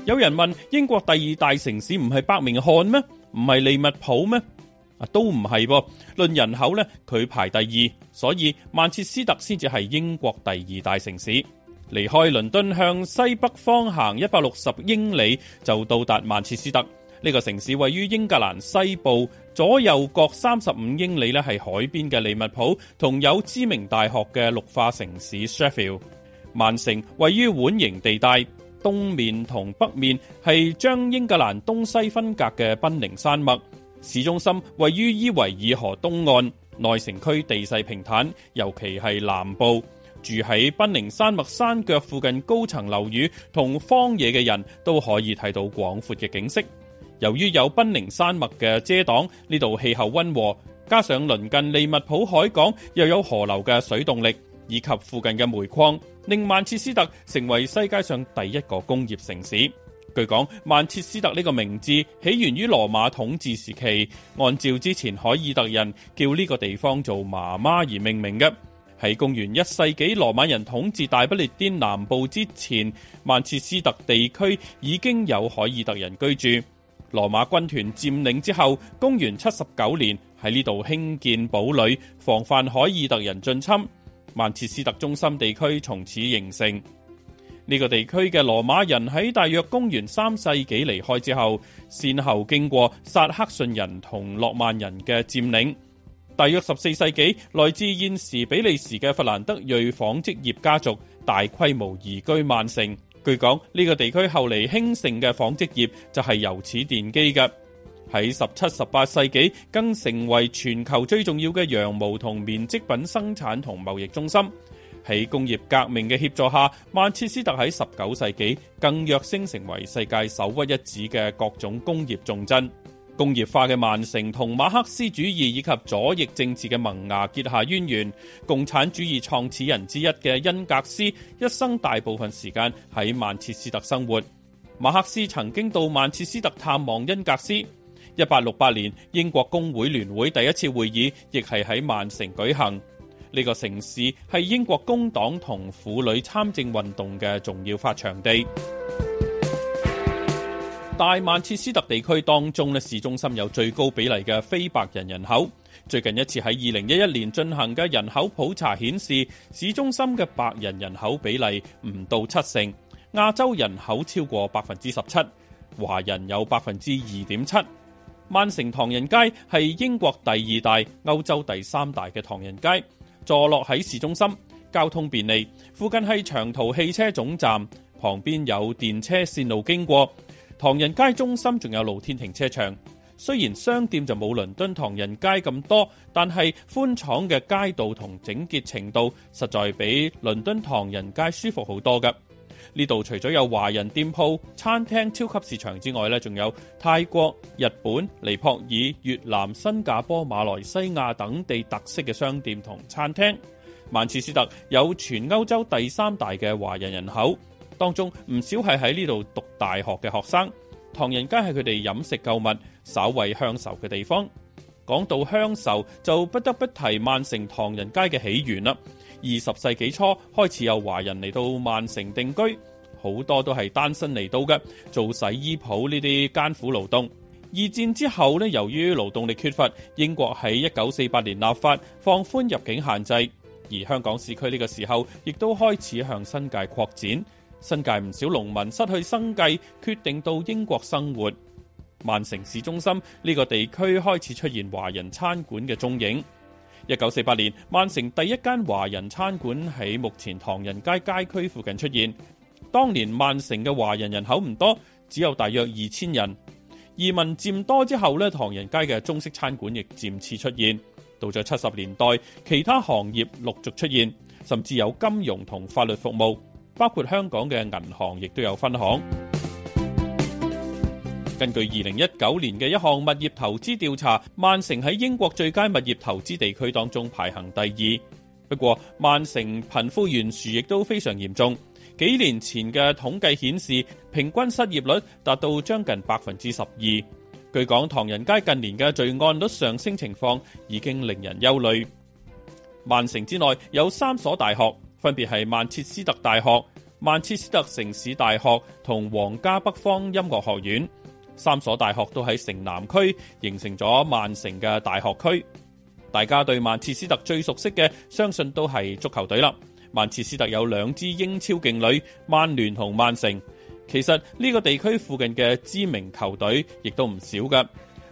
有人問，英國第二大城市唔係伯明翰咩？唔係利物浦咩？都唔係噃。論人口呢，佢排第二，所以曼徹斯特先至係英國第二大城市。離開倫敦向西北方行一百六十英里就到達曼徹斯特。呢個城市位於英格蘭西部。左右各三十五英里咧，係海邊嘅利物浦同有知名大學嘅綠化城市 Sheffield。曼城位於碗形地帶，東面同北面係將英格蘭東西分隔嘅賓寧山脈。市中心位於伊維爾河東岸，內城區地勢平坦，尤其係南部。住喺賓寧山脈山腳附近高層樓宇同荒野嘅人都可以睇到廣闊嘅景色。由於有奔寧山脈嘅遮擋，呢度氣候溫和，加上鄰近利物浦海港又有河流嘅水動力，以及附近嘅煤礦，令曼徹斯特成為世界上第一個工業城市。據講，曼徹斯特呢個名字起源於羅馬統治時期，按照之前海爾特人叫呢個地方做媽媽而命名嘅。喺公元一世紀，羅馬人統治大不列顛南部之前，曼徹斯特地區已經有海爾特人居住。羅馬軍團佔領之後，公元七十九年喺呢度興建堡壘，防範凱爾特人進侵。曼徹斯特中心地區從此形成。呢、這個地區嘅羅馬人喺大約公元三世紀離開之後，先後經過撒克遜人同諾曼人嘅佔領。大約十四世紀，來自現時比利時嘅弗蘭德瑞紡織業家族大規模移居曼城。據講，呢個地區後嚟興盛嘅紡織業就係由此奠基嘅。喺十七、十八世紀，更成為全球最重要嘅羊毛同棉織品生產同貿易中心。喺工業革命嘅協助下，曼徹斯特喺十九世紀更躍升成為世界首屈一指嘅各種工業重鎮。工業化嘅曼城同馬克思主義以及左翼政治嘅萌芽結下淵源。共產主義創始人之一嘅恩格斯一生大部分時間喺曼徹斯特生活。馬克思曾經到曼徹斯特探望恩格斯。一八六八年英國工會聯會第一次會議亦係喺曼城舉行。呢、這個城市係英國工黨同婦女參政運動嘅重要發祥地。大曼徹斯特地區當中咧，市中心有最高比例嘅非白人人口。最近一次喺二零一一年進行嘅人口普查顯示，市中心嘅白人人口比例唔到七成，亞洲人口超過百分之十七，華人有百分之二點七。曼城唐人街係英國第二大、歐洲第三大嘅唐人街，坐落喺市中心，交通便利，附近係長途汽車總站，旁邊有電車線路經過。唐人街中心仲有露天停車場，雖然商店就冇倫敦唐人街咁多，但係寬敞嘅街道同整潔程度，實在比倫敦唐人街舒服好多噶。呢度除咗有華人店鋪、餐廳、超級市場之外咧，仲有泰國、日本、尼泊爾、越南、新加坡、馬來西亞等地特色嘅商店同餐廳。曼徹斯特有全歐洲第三大嘅華人人口。當中唔少係喺呢度讀大學嘅學生，唐人街係佢哋飲食購物、稍為鄉愁嘅地方。講到鄉愁，就不得不提曼城唐人街嘅起源啦。二十世紀初開始有華人嚟到曼城定居，好多都係單身嚟到嘅，做洗衣鋪呢啲艱苦勞動。二戰之後咧，由於勞動力缺乏，英國喺一九四八年立法放寬入境限制，而香港市區呢個時候亦都開始向新界擴展。新界唔少農民失去生計，決定到英國生活。曼城市中心呢個地區開始出現華人餐館嘅蹤影。一九四八年，曼城第一間華人餐館喺目前唐人街街區附近出現。當年曼城嘅華人人口唔多，只有大約二千人。移民佔多之後咧，唐人街嘅中式餐館亦漸次出現。到咗七十年代，其他行業陸續出現，甚至有金融同法律服務。包括香港嘅銀行亦都有分行。根據二零一九年嘅一項物業投資調查，曼城喺英國最佳物業投資地區當中排行第二。不過，曼城貧富懸殊亦都非常嚴重。幾年前嘅統計顯示，平均失業率達到將近百分之十二。據講，唐人街近年嘅罪案率上升情況已經令人憂慮。曼城之內有三所大學。分別係曼切斯特大學、曼切斯特城市大學同皇家北方音樂學院。三所大學都喺城南區形成咗曼城嘅大學區。大家對曼切斯特最熟悉嘅，相信都係足球隊啦。曼切斯特有兩支英超勁旅，曼聯同曼城。其實呢個地區附近嘅知名球隊亦都唔少㗎。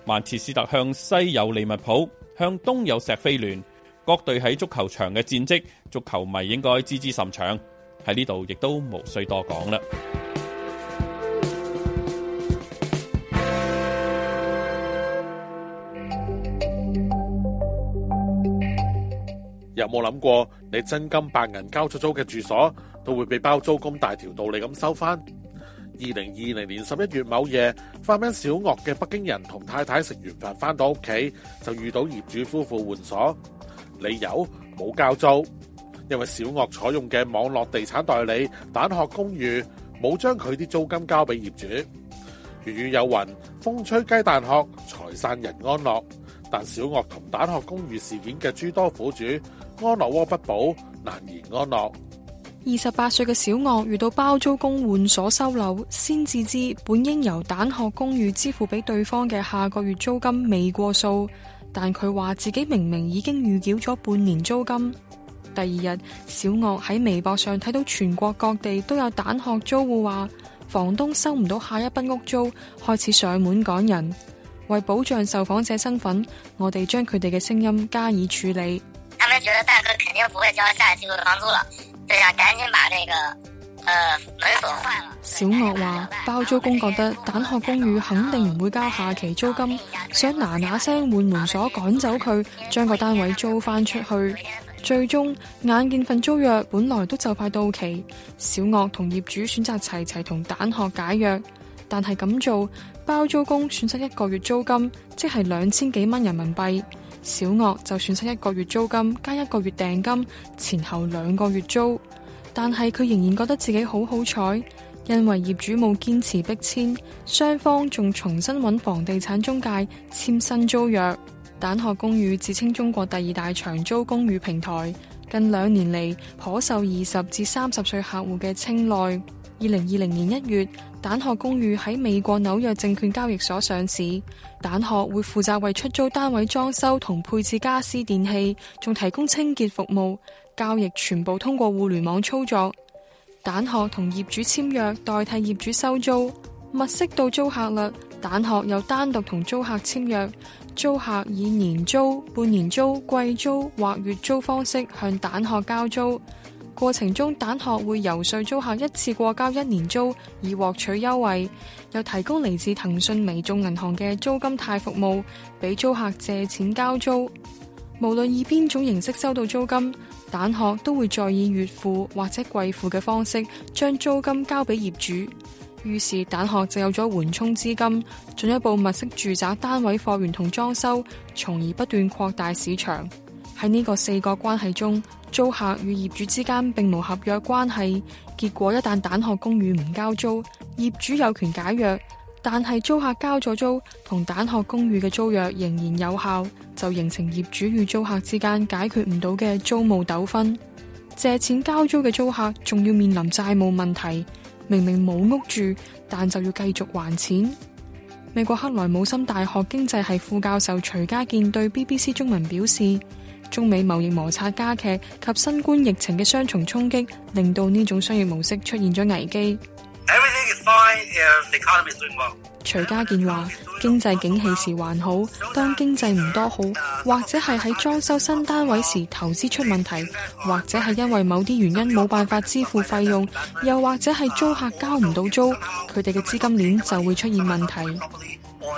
曼切斯特向西有利物浦，向東有錫菲聯。各隊喺足球場嘅戰績，足球迷應該知之甚詳，喺呢度亦都無需多講啦。有冇諗過，你真金白銀交出租嘅住所都會被包租公大條道理咁收返？二零二零年十一月某夜，化名小岳嘅北京人同太太食完飯返到屋企，就遇到業主夫婦換鎖，理由，冇交租。因為小岳採用嘅網絡地產代理蛋殼公寓冇將佢啲租金交俾業主。粵語有云，風吹雞蛋殼，財散人安樂。但小岳同蛋殼公寓事件嘅諸多苦主，安樂窩不保，難言安樂。二十八歲嘅小岳遇到包租公換鎖收樓，先至知本應由蛋殼公寓支付俾對方嘅下個月租金未過數，但佢話自己明明已經預繳咗半年租金。第二日，小岳喺微博上睇到全國各地都有蛋殼租戶話，房東收唔到下一筆屋租，開始上門趕人。為保障受訪者身份，我哋將佢哋嘅聲音加以處理。他們覺得大哥肯定不會交下一季度的房租了，就想趕緊把這個門鎖換了。小岳話，包租公覺得蛋殼公寓肯定唔會交下期租金，想嗱嗱聲換門鎖趕走佢，將個單位租翻出去。最終眼見份租約本來都就快到期，小岳同業主選擇齊齊同蛋殼解約，但係咁做，包租公損失一個月租金，即係兩千幾蚊人民幣；小岳就損失一個月租金加一個月訂金，前後兩個月租。但係佢仍然覺得自己好好彩，因為業主冇堅持逼遷，雙方仲重新揾房地產中介簽新租約。蛋殼公寓自稱中國第二大長租公寓平台，近兩年嚟頗受二十至三十歲客戶嘅青睞。二零二零年一月，蛋殼公寓喺美國紐約證券交易所上市。蛋殼會負責為出租單位裝修同配置家私電器，仲提供清潔服務。交易全部通過互聯網操作。蛋殼同業主簽約，代替業主收租，物色到租客啦。蛋殼又單獨同租客簽約。租客以年租、半年租、季租或月租方式向蛋殼交租，過程中蛋殼會遊說租客一次過交一年租以獲取優惠，又提供嚟自騰訊微眾銀行嘅租金貸服務俾租客借錢交租。無論以邊種形式收到租金，蛋殼都會再以月付或者季付嘅方式將租金交俾業主。於是蛋殼就有咗緩衝資金，進一步物色住宅單位貨源同裝修，從而不斷擴大市場。喺呢個四個關係中，租客與業主之間並無合約關係。結果一旦蛋殼公寓唔交租，業主有權解約，但係租客交咗租，同蛋殼公寓嘅租約仍然有效，就形成業主與租客之間解決唔到嘅租務糾紛。借錢交租嘅租客仲要面臨債務問題。明明冇屋住，但就要繼續還錢。美國克萊姆森大學經濟系副教授徐家健對 BBC 中文表示：中美貿易摩擦加劇及新冠疫情嘅雙重衝擊，令到呢種商業模式出現咗危機。徐家健話：經濟景氣時還好，當經濟唔多好，或者係喺裝修新單位時投資出問題，或者係因為某啲原因冇辦法支付費用，又或者係租客交唔到租，佢哋嘅資金鏈就會出現問題。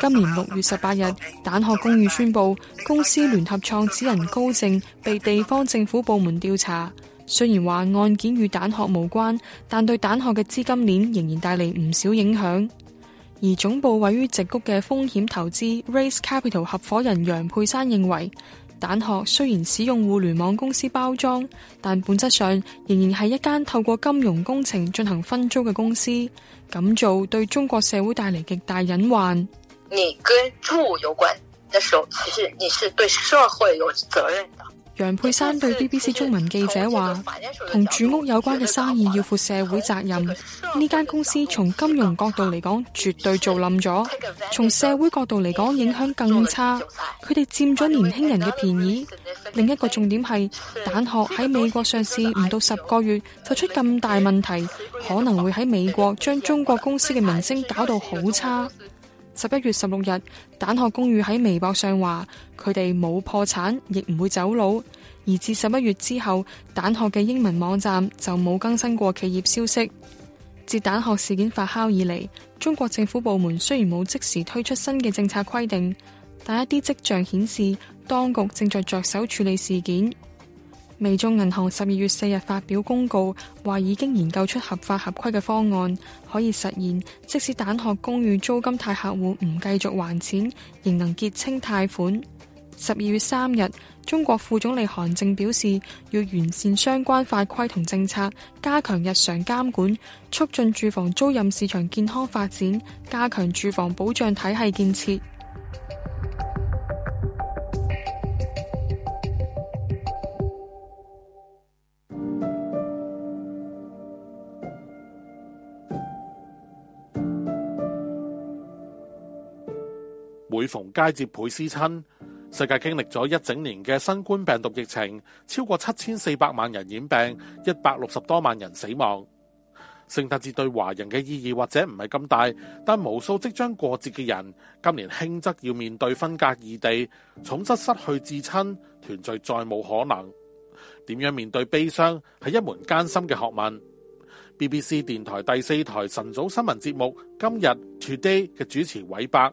今年六月十八日，蛋殼公寓宣佈，公司聯合創始人高靖被地方政府部門調查。雖然話案件與蛋殼無關，但對蛋殼嘅資金鏈仍然帶嚟唔少影響。而總部位於矽谷嘅風險投資 Race Capital 合夥人楊佩珊認為，蛋殼雖然使用互聯網公司包裝，但本質上仍然係一間透過金融工程進行分租嘅公司。咁做對中國社會帶嚟極大隱患。你跟住有關嘅時候，其實你是對社會有責任的。楊佩珊對 BBC 中文記者話，同住屋有關嘅生意要負社會責任，呢間公司從金融角度嚟講絕對做冧咗，從社會角度嚟講影響更差，佢哋佔咗年輕人嘅便宜。另一個重點係，是蛋殼喺美國上市唔到十個月就出咁大問題，可能會喺美國將中國公司嘅名聲搞到好差。十一月十六日，蛋殼公寓喺微博上話佢哋冇破產，亦唔會走佬。而至十一月之後，蛋殼嘅英文網站就冇更新過企業消息。自蛋殼事件發酵以嚟，中國政府部門雖然冇即時推出新嘅政策規定，但一啲跡象顯示當局正在着手處理事件。微眾銀行十二月四日發表公告，話已經研究出合法合規嘅方案，可以實現即使蛋殼公寓租金貸客戶唔繼續還錢，仍能結清貸款。十二月三日，中國副總理韓正表示，要完善相關法規同政策，加強日常監管，促進住房租賃市場健康發展，加強住房保障體系建設。每逢佳節倍思親，世界經歷咗一整年嘅新冠病毒疫情，超過七千四百萬人染病，一百六十多萬人死亡。聖誕節對華人嘅意義或者唔係咁大，但無數即將過節嘅人，今年輕則要面對分隔異地，重則失去至親，團聚再冇可能。點樣面對悲傷，係一門艱辛嘅學問。BBC 電台第四台晨早新聞節目今日 Today 嘅主持韋伯。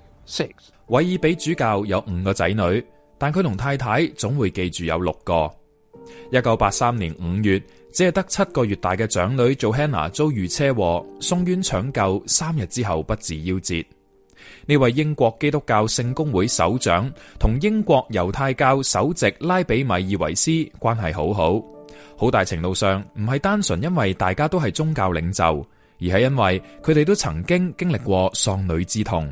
六韋爾比主教有五個仔女，但佢同太太總會記住有六個。一九八三年五月，只係得七個月大嘅長女做 Hannah、oh、遭遇車禍，送院搶救三日之後不治夭折。呢位英國基督教聖公會首長同英國猶太教首席拉比米爾維斯關係好好，好大程度上唔係單純因為大家都係宗教領袖，而係因為佢哋都曾經經歷過喪女之痛。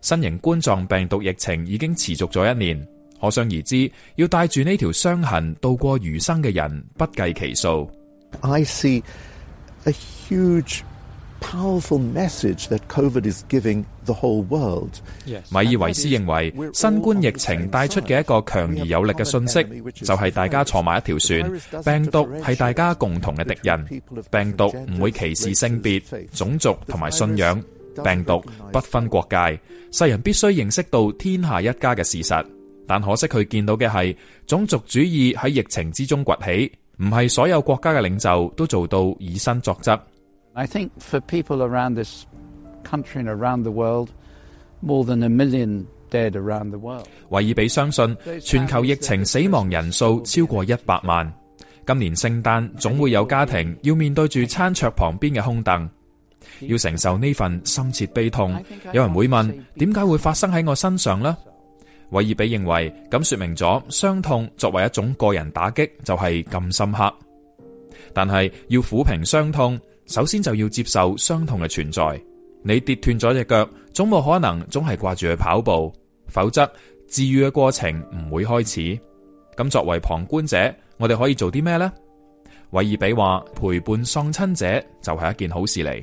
新型冠狀病毒疫情已經持續咗一年，可想而知，要帶住呢條傷痕度過餘生嘅人不計其數。I see a huge, powerful message that COVID is giving the whole world. 米爾維斯認為，新冠疫情帶出嘅一個強而有力嘅信息，就係、是、大家坐埋一條船，病毒係大家共同嘅敵人，病毒唔會歧視性別、種族同埋信仰。病毒不分國界，世人必須認識到天下一家嘅事實。但可惜佢見到嘅係種族主義喺疫情之中崛起，唔係所有國家嘅領袖都做到以身作則。I think for people around this country around the world, more than a million dead around the world。韋爾比相信全球疫情死亡人數超過一百萬。今年聖誕總會有家庭要面對住餐桌旁邊嘅空凳。要承受呢份深切悲痛，有人會問，點解會發生喺我身上呢？韋爾比認為咁說明咗，傷痛作為一種個人打擊就係咁深刻。但係要撫平傷痛，首先就要接受傷痛嘅存在。你跌斷咗隻腳，總冇可能總係掛住去跑步，否則治癒嘅過程唔會開始。咁作為旁觀者，我哋可以做啲咩呢？韋爾比話陪伴喪親者就係一件好事嚟。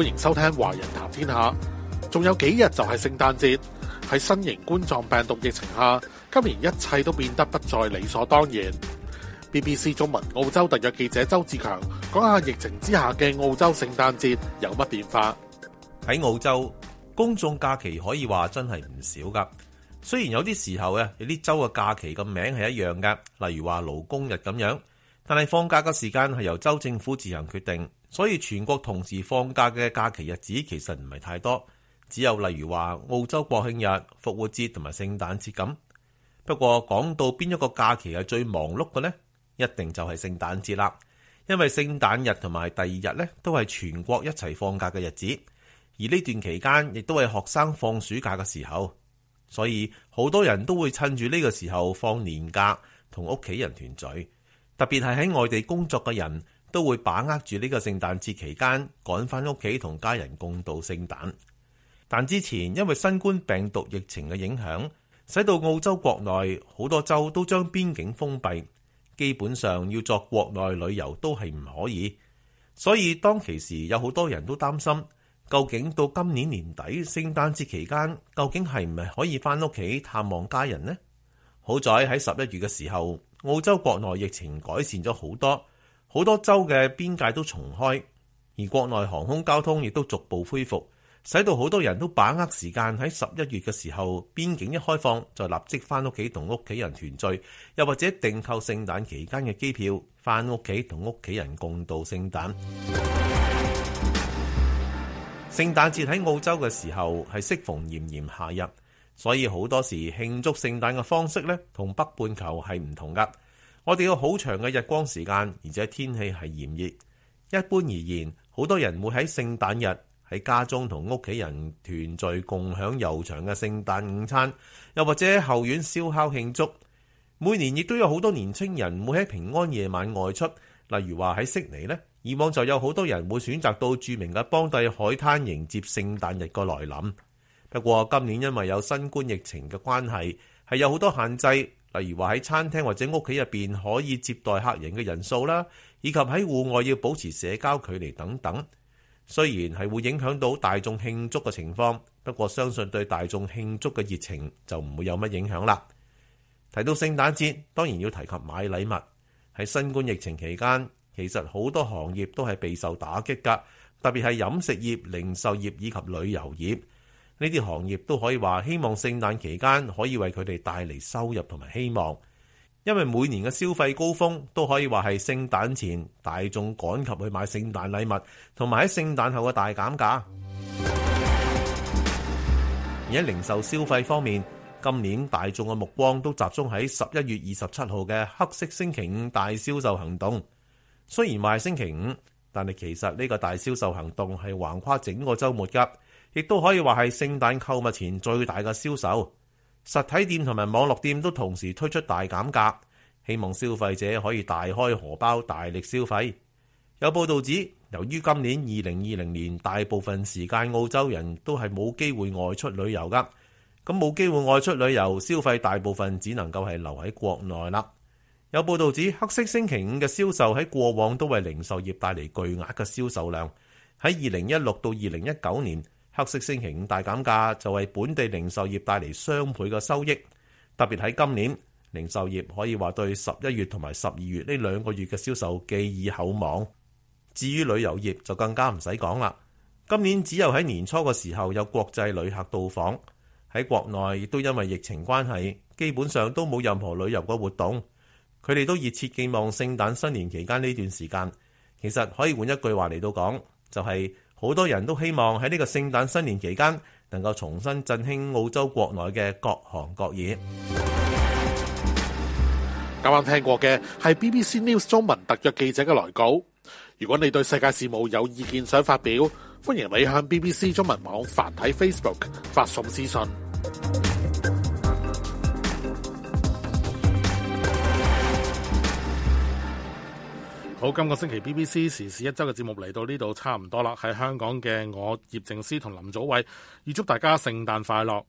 歡迎收聽《華人談天下》。仲有幾日就係聖誕節，喺新型冠狀病毒疫情下，今年一切都變得不再理所當然。BBC 中文澳洲特約記者周志強講下疫情之下嘅澳洲聖誕節有乜變化。喺澳洲，公眾假期可以話真係唔少噶。雖然有啲時候嘅有啲州嘅假期嘅名係一樣噶，例如話勞工日咁樣，但係放假嘅時間係由州政府自行決定。所以全國同時放假嘅假期日子其實唔係太多，只有例如話澳洲國慶日、復活節同埋聖誕節咁。不過講到邊一個假期係最忙碌嘅呢？一定就係聖誕節啦，因為聖誕日同埋第二日咧都係全國一齊放假嘅日子，而呢段期間亦都係學生放暑假嘅時候，所以好多人都會趁住呢個時候放年假同屋企人團聚，特別係喺外地工作嘅人。都會把握住呢個聖誕節期間趕返屋企同家人共度聖誕。但之前因為新冠病毒疫情嘅影響，使到澳洲國內好多州都將邊境封閉，基本上要作國內旅遊都係唔可以。所以當其時有好多人都擔心，究竟到今年年底聖誕節期間究竟係唔係可以翻屋企探望家人呢？好在喺十一月嘅時候，澳洲國內疫情改善咗好多。好多州嘅邊界都重開，而國內航空交通亦都逐步恢復，使到好多人都把握時間喺十一月嘅時候，邊境一開放就立即翻屋企同屋企人團聚，又或者訂購聖誕期間嘅機票，翻屋企同屋企人共度聖誕。聖誕節喺澳洲嘅時候係適逢炎炎夏日，所以好多時慶祝聖誕嘅方式咧，同北半球係唔同㗎。我哋有好長嘅日光時間，而且天氣係炎熱。一般而言，好多人會喺聖誕日喺家中同屋企人團聚，共享悠長嘅聖誕午餐，又或者喺後院燒烤慶祝。每年亦都有好多年青人會喺平安夜晚外出，例如話喺悉尼呢。以往就有好多人會選擇到著名嘅邦蒂海灘迎接聖誕日嘅來臨。不過今年因為有新冠疫情嘅關係，係有好多限制。例如話喺餐廳或者屋企入邊可以接待客人嘅人數啦，以及喺戶外要保持社交距離等等。雖然係會影響到大眾慶祝嘅情況，不過相信對大眾慶祝嘅熱情就唔會有乜影響啦。提到聖誕節，當然要提及買禮物。喺新冠疫情期間，其實好多行業都係備受打擊㗎，特別係飲食業、零售業以及旅遊業。呢啲行業都可以話，希望聖誕期間可以為佢哋帶嚟收入同埋希望，因為每年嘅消費高峰都可以話係聖誕前，大眾趕及去買聖誕禮物，同埋喺聖誕後嘅大減價。而喺零售消費方面，今年大眾嘅目光都集中喺十一月二十七號嘅黑色星期五大銷售行動。雖然話係星期五，但係其實呢個大銷售行動係橫跨整個週末㗎。亦都可以話係聖誕購物前最大嘅銷售，實體店同埋網絡店都同時推出大減價，希望消費者可以大開荷包，大力消費。有報道指，由於今年二零二零年大部分時間澳洲人都係冇機會外出旅遊噶，咁冇機會外出旅遊，消費大部分只能夠係留喺國內啦。有報道指，黑色星期五嘅銷售喺過往都為零售業帶嚟巨額嘅銷售量，喺二零一六到二零一九年。黑色星期五大減價就為本地零售業帶嚟雙倍嘅收益，特別喺今年，零售業可以話對十一月同埋十二月呢兩個月嘅銷售寄以厚望。至於旅遊業就更加唔使講啦，今年只有喺年初嘅時候有國際旅客到訪，喺國內亦都因為疫情關係，基本上都冇任何旅遊嘅活動。佢哋都熱切寄望聖誕新年期間呢段時間，其實可以換一句話嚟到講，就係，好多人都希望喺呢個聖誕新年期間，能夠重新振興澳洲國內嘅各行各業。啱啱聽過嘅係 BBC News 中文特約記者嘅來稿。如果你對世界事務有意見想發表，歡迎你向 BBC 中文網繁體 Facebook 發送私信。好，今個星期 BBC 時事一周嘅節目嚟到呢度差唔多啦。喺香港嘅我葉靜思同林祖偉，預祝大家聖誕快樂。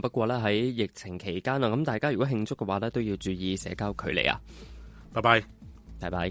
不過呢，喺疫情期間啊，咁大家如果慶祝嘅話呢，都要注意社交距離啊。拜拜，拜拜。